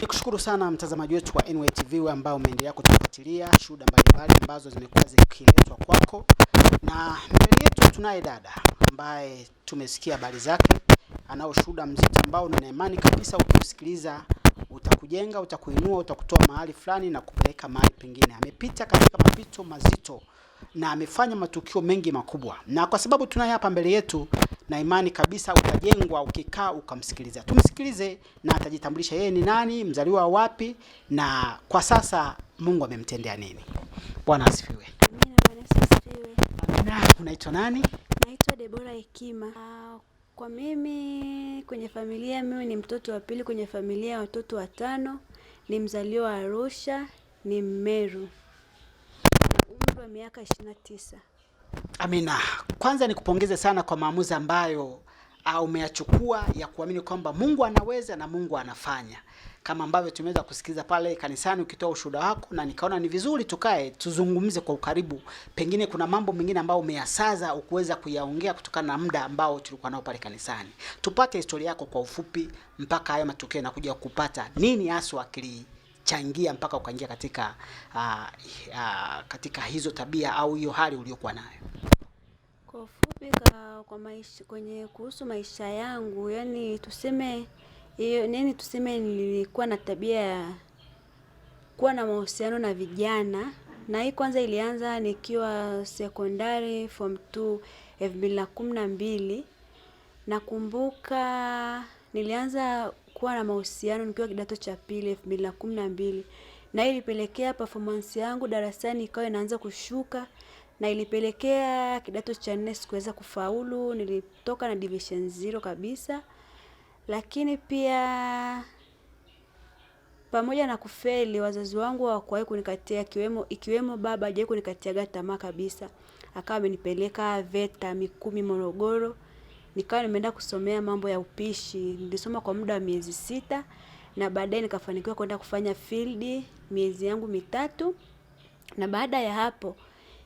Nikushukuru sana mtazamaji wetu wa NYTV we ambao umeendelea kutufuatilia shuhuda mbalimbali ambazo zimekuwa zikiletwa kwako, na mbele yetu tunaye dada ambaye tumesikia habari zake, anao shuhuda mzito ambao nina imani kabisa ukiusikiliza utakujenga, utakuinua, utakutoa mahali fulani na kupeleka mahali pengine. Amepita katika mapito mazito na amefanya matukio mengi makubwa, na kwa sababu tunaye hapa mbele yetu, na imani kabisa utajengwa ukikaa ukamsikiliza. Tumsikilize na atajitambulisha yeye ni nani, mzaliwa wapi, na kwa sasa Mungu amemtendea nini. Bwana asifiwe. Amina. Unaitwa nani? Naitwa Debora Hekima. Ah, kwa mimi kwenye familia, mimi ni mtoto wa pili kwenye familia ya watoto watano, ni mzaliwa wa Arusha, ni Mmeru miaka 29. Amina, kwanza nikupongeze sana kwa maamuzi ambayo ah, umeyachukua ya kuamini kwamba Mungu anaweza na Mungu anafanya, kama ambavyo tumeweza kusikiza pale kanisani ukitoa ushuhuda wako, na nikaona ni vizuri tukae tuzungumze kwa ukaribu. Pengine kuna mambo mengine ambayo umeyasaza ukuweza kuyaongea kutokana na muda ambao tulikuwa nao pale kanisani. Tupate historia yako kwa ufupi, mpaka haya matokeo yanakuja kupata nini haswa akili kuchangia mpaka ukaingia katika uh, uh, katika hizo tabia au hiyo hali uliyokuwa nayo? Kwa ufupi, kwa maisha, kwenye kuhusu maisha yangu, yani tuseme hiyo nini, tuseme nilikuwa na tabia ya kuwa na mahusiano na vijana, na hii kwanza ilianza nikiwa sekondari form 2 elfu mbili na kumi na mbili. Nakumbuka nilianza kuwa na mahusiano nikiwa kidato cha pili elfu mbili na kumi na mbili na hii ilipelekea performance yangu darasani ikawa inaanza kushuka na ilipelekea kidato cha nne sikuweza kufaulu, nilitoka na division zero kabisa. Lakini pia pamoja na kufeli, wazazi wangu hawakuwahi kunikatia, ikiwemo ikiwemo baba hajawahi kunikatiaga tamaa kabisa, akawa amenipeleka VETA Mikumi Morogoro nikawa nimeenda kusomea mambo ya upishi. Nilisoma kwa muda wa miezi sita na baadaye nikafanikiwa kwenda kufanya field miezi yangu mitatu, na baada ya hapo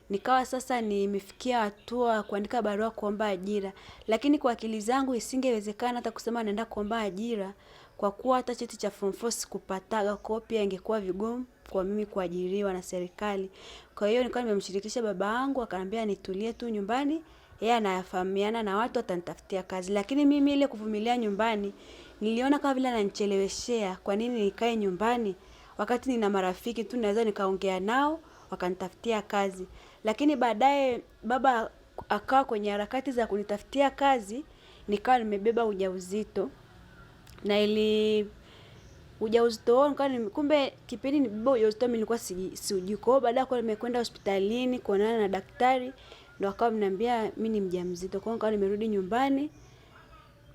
nikawa sasa nimefikia hatua kuandika barua kuomba ajira, lakini kwa akili zangu isingewezekana hata kusema naenda kuomba ajira kwa kuwa hata cheti cha form four sikupataga, kwa hiyo pia ingekuwa vigumu kwa mimi kuajiriwa na serikali. Kwa hiyo nikawa nimemshirikisha baba yangu, akaniambia nitulie tu nyumbani yeye anayafahamiana na watu watanitafutia kazi, lakini mimi ile kuvumilia nyumbani niliona kama vile ananicheleweshea. Kwa nini nikae nyumbani wakati nina marafiki tu naweza nikaongea nao wakanitafutia kazi? Lakini baadaye baba akawa kwenye harakati za kunitafutia kazi, nikawa nimebeba ujauzito na ili ujauzito huo nikawa kumbe, kipindi nibeba ujauzito mimi nilikuwa siujui. Kwa hiyo baadaye kwa nimekwenda hospitalini kuonana na daktari ndo akawa mniambia mimi ni mjamzito. Kwa hiyo nikawa nimerudi nyumbani.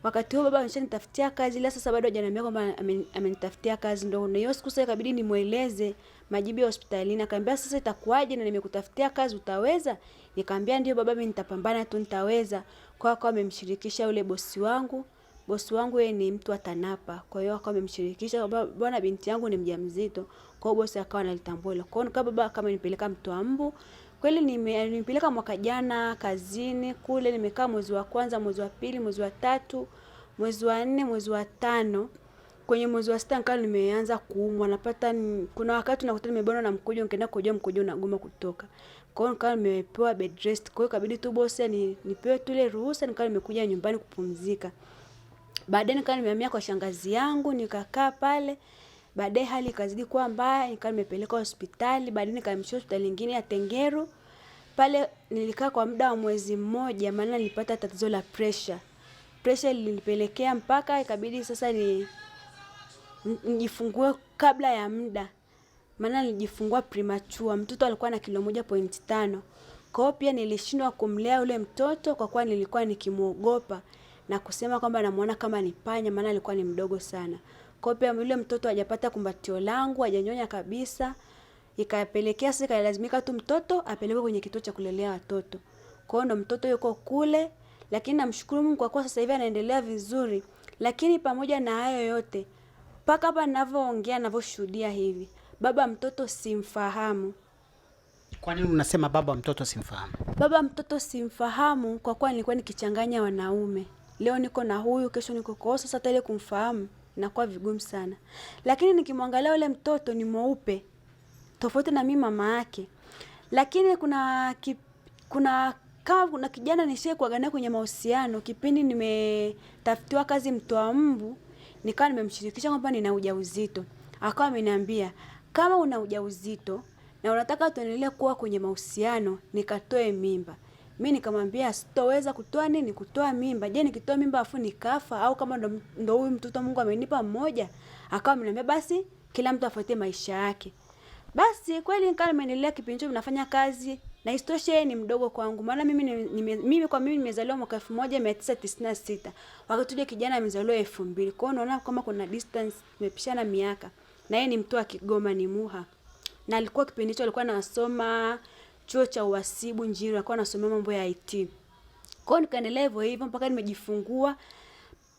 Wakati huo baba ameshanitafutia kazi, ila sasa bado hajaniambia kwamba amenitafutia kazi. Ndo na hiyo siku sasa ikabidi nimueleze majibu ya hospitalini. Akaambia sasa itakuwaje, na nimekutafutia kazi, utaweza? Nikamwambia ndio baba, mimi nitapambana tu, nitaweza. Kwa hiyo akawa amemshirikisha yule bosi wangu bosi wangu yeye ni mtu atanapa. Kwa hiyo akawa amemshirikisha bwana, binti yangu ni mjamzito. Kwa hiyo bosi akawa analitambua Kwa hiyo baba kama nipeleka Mtwambu Kweli nimepeleka mwaka jana kazini kule, nimekaa mwezi wa kwanza, mwezi wa pili, mwezi wa tatu, mwezi wa nne, mwezi wa tano. Kwenye mwezi wa sita nikawa nimeanza kuumwa, napata kuna wakati nakuta nimebanwa na mkojo, nikaenda kujua mkojo unagoma kutoka. Kwa hiyo nikawa nimepewa bed rest. Kwa hiyo kabidi tu bosi ni nipewe tu ile ruhusa, nikawa nimekuja nyumbani kupumzika. Baadaye nikawa nimehamia kwa shangazi yangu, nikakaa pale. Baadaye hali ikazidi kuwa mbaya, nikawa nimepeleka hospitali, baadaye nikahamishwa hospitali nyingine ya Tengeru. Pale nilikaa kwa muda wa mwezi mmoja, maana nilipata tatizo la pressure. Pressure ilinipelekea mpaka ikabidi sasa ni nijifungue kabla ya muda, maana nilijifungua premature. Mtoto alikuwa na kilo moja point tano. Kwa hiyo pia nilishindwa kumlea ule mtoto kwa kuwa nilikuwa nikimwogopa na kusema kwamba namuona kama ni panya, maana alikuwa ni mdogo sana. Kwa pia yule mtoto hajapata kumbatio langu, hajanyonya kabisa. Ikapelekea sasa ikalazimika tu mtoto apelekwe kwenye kituo cha kulelea watoto. Kwa hiyo ndo mtoto yuko kule, lakini namshukuru Mungu kwa kuwa sasa hivi anaendelea vizuri. Lakini pamoja na hayo yote, mpaka hapa ninavyoongea, ninavyoshuhudia hivi, baba mtoto simfahamu. Kwa nini unasema baba mtoto simfahamu? Baba mtoto simfahamu kwa kuwa nilikuwa nikichanganya wanaume. Leo niko na huyu, kesho niko kwa, sasa tele kumfahamu inakuwa vigumu sana. Lakini nikimwangalia yule mtoto ni mweupe tofauti na mimi mama yake, lakini kuna ki, kuna kama kuna kijana nisiye kuagania kwenye mahusiano, kipindi nimetafutiwa kazi mtoa mbu, nikawa nimemshirikisha kwamba nina ujauzito, akawa ameniambia kama una ujauzito na unataka tuendelee kuwa kwenye mahusiano, nikatoe mimba mi nikamwambia sitoweza kutoa nini, kutoa mimba. Je, nikitoa mimba afu nikafa? Au kama ndo, ndo huyu mtoto Mungu amenipa mmoja? Akawa ameniambia basi kila mtu afuatie maisha yake. Basi kweli nikawa nimeendelea kipindi hicho nafanya kazi na istoshe ni mdogo kwangu, maana mimi ni, nime, mimi kwa mimi nimezaliwa mwaka elfu moja mia tisa tisini na sita wakati ule kijana amezaliwa elfu mbili kwao. Unaona kama kuna distance, tumepishana miaka, na yeye ni mtu wa Kigoma, ni Muha, na alikuwa kipindi hicho alikuwa anasoma chuo cha uhasibu Njiro, akawa anasomea mambo ya IT. Kwa hiyo nikaendelea hivyo hivyo mpaka nimejifungua.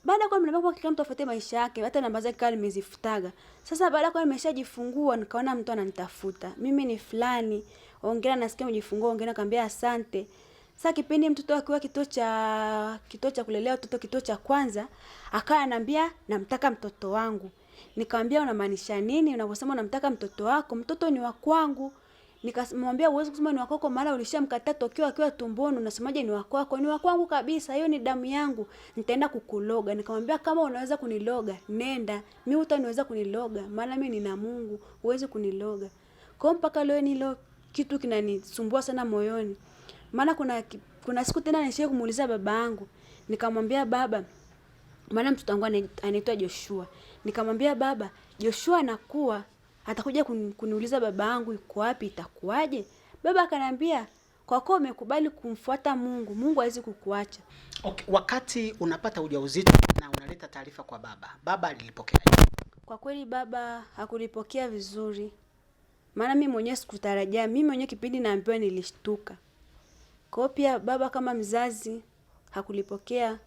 Baada kwa kwa kila mtu afuate maisha yake, hata namba zake kali nimezifutaga. Sasa baada kwa nimeshajifungua nikaona mtu ananitafuta. Mimi ni fulani, ongea nasikia mjifungua, ongea nikamwambia asante. Sasa kipindi mtoto akiwa kituo cha kituo cha kulelea watoto kituo cha kwanza, akawa anambia namtaka mtoto wangu. Nikamwambia unamaanisha nini unaposema unamtaka mtoto wako? Mtoto ni wa kwangu nikamwambia uwezi kusema ni wakoko, maana ulishamkataa tokio akiwa tumboni, unasemaje ni wakwako? Ni wakwangu kabisa, hiyo ni damu yangu, nitaenda kukuloga. Nikamwambia kama unaweza kuniloga nenda, mimi hutaniweza kuniloga, maana mimi nina Mungu, huwezi kuniloga. Kwa mpaka leo ni kitu kinanisumbua sana moyoni, maana kuna kuna siku tena nishie kumuuliza baba yangu, nikamwambia baba, maana mtoto wangu anaitwa Joshua, nikamwambia baba, Joshua anakuwa atakuja kuniuliza baba yangu yuko wapi, itakuwaje? Baba akaniambia kwa kuwa umekubali kumfuata Mungu, Mungu hawezi kukuacha. Okay, wakati unapata ujauzito na unaleta taarifa kwa baba, baba alilipokea? Kwa kweli baba hakulipokea vizuri, maana mimi mwenyewe sikutarajia. Mimi mwenyewe kipindi naambiwa nilishtuka. Kwa pia baba kama mzazi hakulipokea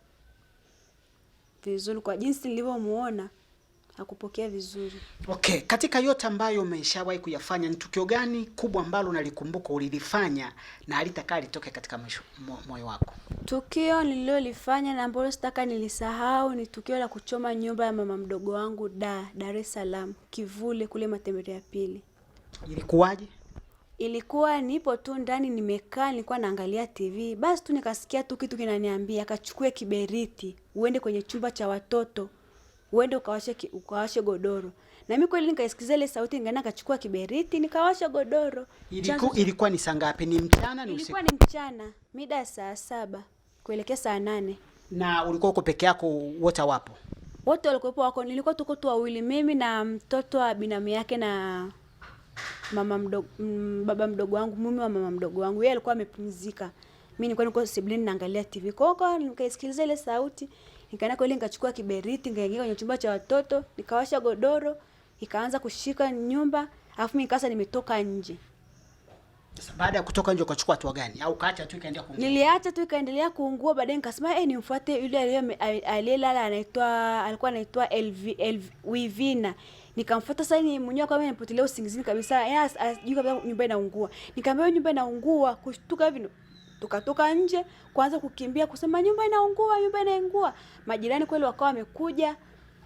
vizuri kwa jinsi nilivyomuona akupokea vizuri. Okay, katika yote ambayo umeshawahi kuyafanya ni tukio gani kubwa ambalo unalikumbuka ulilifanya na halitaka litoke katika moyo wako? Tukio nililolifanya na ambalo sitaka nilisahau ni tukio la kuchoma nyumba ya mama mdogo wangu da Dar es Salaam, Kivule kule Matembele ya Pili. Ilikuwaje? Ilikuwa nipo tu ndani nimekaa, nilikuwa naangalia TV, basi tu nikasikia tu kitu kinaniambia kachukue kiberiti uende kwenye chumba cha watoto uende ukawashe ukawashe godoro. Na mimi kweli nikaisikiza ile sauti, nikaenda kachukua kiberiti nikawasha godoro. Iliku, ilikuwa ni saa ngapi? Ni mchana, ni usiku? Ilikuwa ni mchana mida ya saa saba kuelekea saa nane. Na ulikuwa uko peke yako, wote wapo? Wote walikuwepo wako, nilikuwa tuko tu wawili, mimi na mtoto wa binamu yake na mama mdogo, mm, baba mdogo wangu, mume wa mama mdogo wangu, yeye alikuwa amepumzika. Mimi nilikuwa niko sebuleni naangalia TV. Kwa hiyo nikaisikiliza ile sauti Nikaenda kweli nikachukua kiberiti, nikaingia kwenye chumba cha watoto, nikawasha godoro, nikaanza kushika nyumba, alafu mimi kasa nimetoka nje. Sasa baada ya kutoka nje ukachukua hatua gani au kaacha tu ikaendelea kuungua? Niliacha tu ikaendelea kuungua, baadaye nikasema eh, nimfuate yule aliyelala anaitwa alikuwa anaitwa LV, Wivina. Nikamfuata sasa ni mwenyewe kwa mimi nipotelea usingizini kabisa. Yes, eh, ajui kabisa nyumba inaungua. Nikamwambia nyumba inaungua, kushtuka hivi tukatoka nje kuanza kukimbia kusema nyumba inaungua, nyumba inaungua. Majirani kweli wakawa wamekuja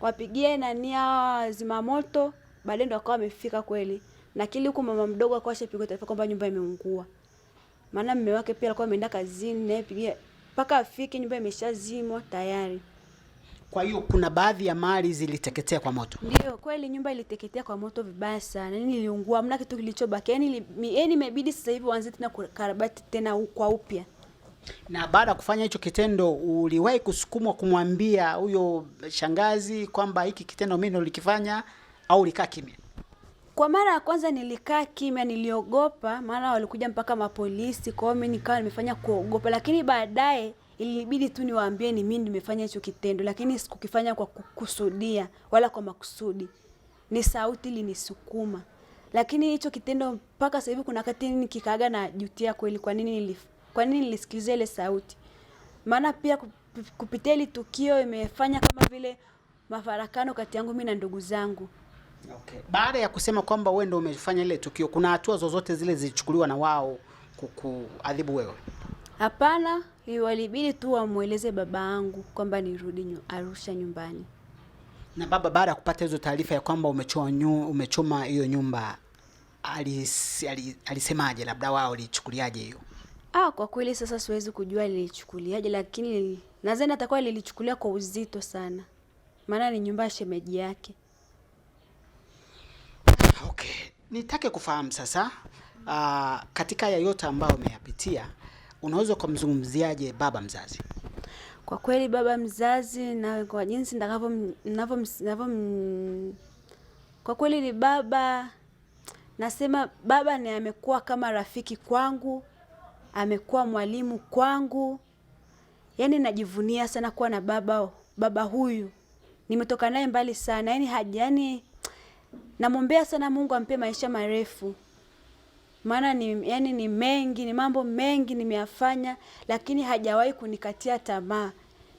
wapigie nani hawa zimamoto, baadaye ndo wakawa wamefika kweli, lakini huku mama mdogo akawa ashapigwa taarifa kwamba nyumba imeungua, maana mume wake pia alikuwa ameenda kazini, naye pigia mpaka afike nyumba imeshazimwa tayari. Kwa hiyo kuna baadhi ya mali ziliteketea kwa moto. Ndio kweli, nyumba iliteketea kwa moto vibaya sana, yani iliungua, mna kitu kilichobaki. Yani yaani imebidi sasa hivi waanze tena kukarabati tena kwa upya. Na baada ya kufanya hicho kitendo, uliwahi kusukumwa kumwambia huyo shangazi kwamba hiki kitendo mimi ndo nilikifanya, au ulikaa kimya? Kwa mara ya kwanza nilikaa kimya, niliogopa, maana walikuja mpaka mapolisi. Kwa hiyo mimi nikawa nimefanya kuogopa, lakini baadaye ilibidi tu niwaambieni mimi nimefanya hicho kitendo, lakini sikukifanya kwa kukusudia wala kwa makusudi, ni sauti ilinisukuma. Lakini hicho kitendo mpaka sasa hivi kuna wakati nikikaaga na jutia kweli, kwa nini nilif, kwa nini nilisikiliza ile sauti. Maana pia kupitia ile tukio imefanya kama vile mafarakano kati yangu mimi na ndugu zangu. Okay. Baada ya kusema kwamba wewe ndio umefanya ile tukio, kuna hatua zozote zile zilichukuliwa na wao kukuadhibu wewe? Hapana walibidi tu wamweleze baba yangu kwamba nirudi Arusha nyumbani. Na baba baada ya kupata hizo taarifa ya kwamba umechoma hiyo nyumba alis, alis, alisemaje? Labda wao walichukuliaje hiyo? Ah, kwa kweli sasa siwezi kujua lilichukuliaje, lakini nadhani atakuwa lilichukulia kwa uzito sana, maana ni nyumba ya shemeji yake. Okay, nitake kufahamu sasa, uh, katika ya yote ambayo umeyapitia unaweza ukamzungumziaje baba mzazi? Kwa kweli baba mzazi na kwa jinsi ninavyo, kwa kweli ni baba, nasema baba ni amekuwa kama rafiki kwangu, amekuwa mwalimu kwangu, yaani najivunia sana kuwa na baba. Baba huyu nimetoka naye mbali sana, yani hajani, yaani namwombea sana Mungu ampe maisha marefu maana ni, yani ni mengi, ni mambo mengi nimeyafanya, lakini hajawahi kunikatia tamaa,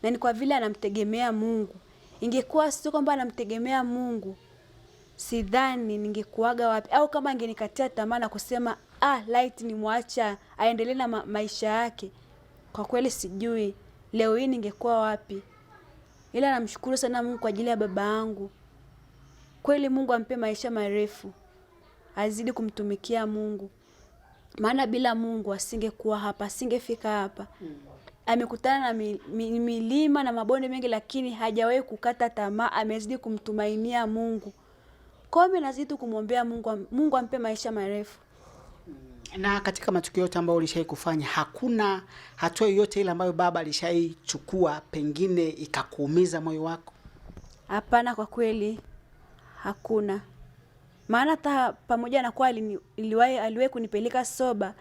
na ni kwa vile anamtegemea Mungu. Ingekuwa sio kwamba anamtegemea Mungu, sidhani ningekuaga wapi, au kama angenikatia tamaa na kusema ah, light nimwacha aendelee na ma maisha yake, kwa kweli sijui leo hii ningekuwa wapi, ila namshukuru sana Mungu kwa ajili ya baba yangu. Kweli Mungu ampe maisha marefu, azidi kumtumikia Mungu maana bila Mungu asingekuwa hapa, asingefika hapa. Amekutana na milima na mabonde mengi, lakini hajawahi kukata tamaa, amezidi kumtumainia Mungu. Kwa hiyo nazidi kumwombea Mungu, Mungu ampe maisha marefu. Na katika matukio yote ambayo ulishai kufanya, hakuna hatua yoyote ile ambayo baba alishaichukua pengine ikakuumiza moyo wako? Hapana, kwa kweli hakuna maana hata pamoja na kuwa aliwahi kunipeleka soba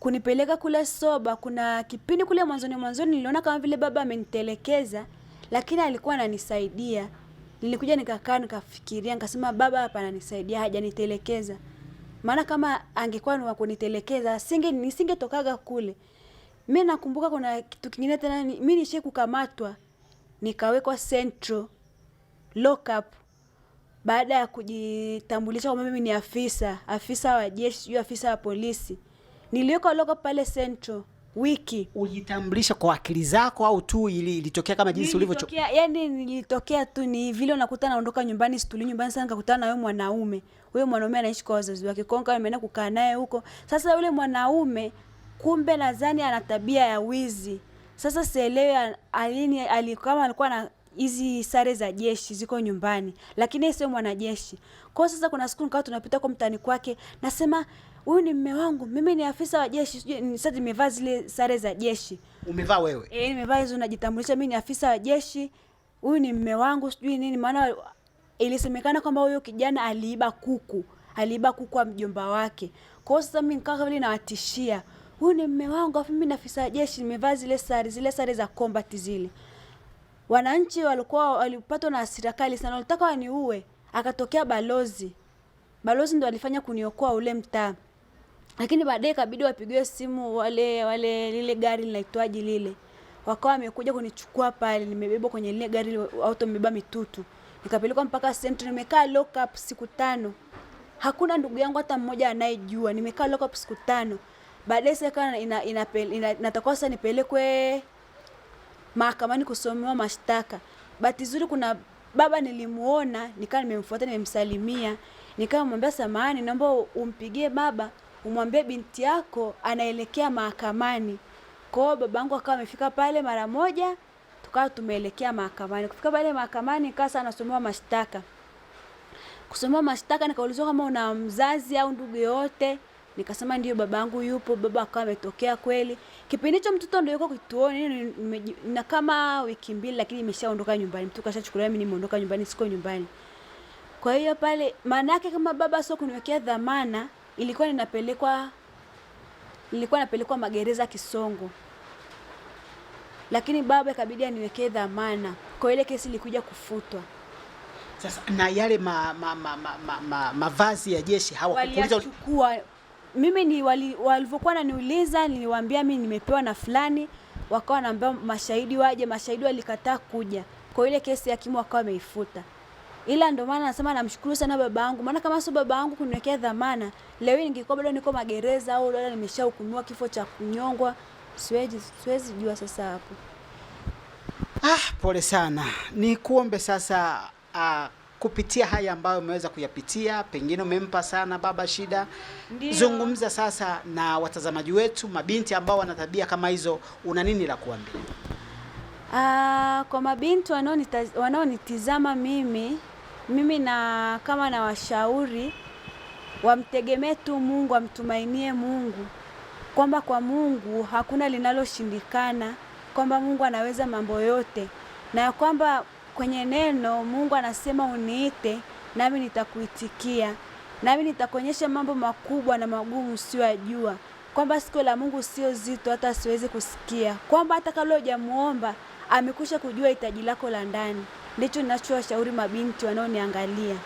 kunipeleka kule soba, kuna kipindi kule mwanzoni mwanzoni niliona kama vile baba amenitelekeza, lakini alikuwa ananisaidia. Nilikuja nikakaa nikafikiria, nikasema baba hapa ananisaidia, hajanitelekeza. Maana kama angekuwa ni wa kunitelekeza singe nisingetokaga kule. Mimi nakumbuka kuna kitu kingine tena, mimi nishie kukamatwa nikawekwa central lockup baada ya kujitambulisha kwamba mimi ni afisa afisa wa jeshi, sijui afisa wa polisi, niliweka logo pale Central wiki. Ujitambulisha kwa akili zako au tu ili ilitokea kama jinsi ulivyochokea? Yani nilitokea tu, ni vile unakuta naondoka nyumbani, situli nyumbani sana, nikakutana na yule mwanaume. Huyo mwanaume anaishi kwa wazazi wake, kwa nimeenda kukaa naye huko. Sasa yule mwanaume kumbe nadhani ana tabia ya wizi. Sasa sielewi alini, ali, alikuwa na hizi sare za jeshi ziko nyumbani, lakini yeye sio mwanajeshi. Kwa hiyo sasa, kuna siku nikawa tunapita kwa mtani kwake, nasema huyu ni mme wangu, mimi ni afisa wa jeshi, sijui sasa nimevaa zile sare za jeshi. Umevaa wewe? Eh, nimevaa hizo, najitambulisha mimi ni afisa wa jeshi, huyu ni mme wangu, sijui nini. Maana ilisemekana kwamba huyo kijana aliiba kuku, aliiba kuku wa mjomba wake. Kwa hiyo sasa mimi nikawa vile nawatishia, huyu ni mme wangu, afu mimi ni afisa wa jeshi, nimevaa zile sare, zile sare za combat zile wananchi walikuwa walipatwa na hasira kali sana, walitaka waniue. Akatokea balozi, balozi ndo alifanya kuniokoa ule mtaa, lakini baadaye ikabidi wapigiwe simu wale wale, lile gari linaitwaje lile, wakawa wamekuja kunichukua pale, nimebebwa kwenye lile gari, auto imebeba mitutu, nikapelekwa mpaka sentri, nimekaa lock up siku tano. Hakuna ndugu yangu hata mmoja anayejua, nimekaa lock up siku tano. Baadaye sasa inatakiwa sasa nipelekwe mahakamani kusomewa mashtaka. Bahati nzuri kuna baba nilimuona, nikawa nimemfuata, nimemsalimia, nikawa mwambia, samahani, naomba umpigie baba umwambie binti yako anaelekea mahakamani. Kwa hiyo babangu akawa amefika pale mara moja, tukawa tumeelekea mahakamani. Kufika pale mahakamani, nikawa sana nasomewa mashtaka. Kusomewa mashtaka, nikaulizwa kama una mzazi au ndugu yoyote, nikasema ndio, babangu yupo. Baba akawa ametokea kweli. Kipindi hicho mtoto ndio yuko kituoni na kama wiki mbili, lakini imeshaondoka nyumbani, mtu kashachukulia mimi nimeondoka nyumbani, siko nyumbani. Kwa hiyo pale, maana yake kama baba sio kuniwekea dhamana, ilikuwa ninapelekwa nilikuwa napelekwa magereza Kisongo, lakini baba ikabidi aniwekee dhamana. Kwa ile kesi ilikuja kufutwa. Sasa na yale ma, ma, ma, ma, ma, ma, mavazi ya jeshi hawakukuuliza mimi ni walivyokuwa naniuliza, niliwaambia mimi nimepewa na fulani, wakawa wanaambia mashahidi waje. Mashahidi walikataa kuja, kwa ile kesi ya hakimu wakawa wameifuta. Ila ndio maana nasema namshukuru sana baba yangu, maana kama sio baba yangu kuniwekea dhamana, leo ningekuwa bado niko magereza au labda nimeshahukumiwa kifo cha kunyongwa. Siwezi siwezi jua sasa hapo. Ah, pole sana. Nikuombe sasa uh, kupitia haya ambayo umeweza kuyapitia, pengine umempa sana baba shida. Ndiyo. Zungumza sasa na watazamaji wetu, mabinti ambao wana tabia kama hizo, una nini la kuambia? Uh, kwa mabinti wanaonitizama mimi mimi na kama na washauri wamtegemee tu Mungu, amtumainie Mungu kwamba kwa Mungu hakuna linaloshindikana, kwamba Mungu anaweza mambo yote na kwamba kwenye neno Mungu anasema uniite nami nitakuitikia, nami nitakuonyesha mambo makubwa na magumu usiyoyajua, kwamba siku la Mungu sio zito hata siwezi kusikia, kwamba hata kabla hujamuomba amekwisha kujua hitaji lako la ndani. Ndicho ninachowashauri mabinti wanaoniangalia.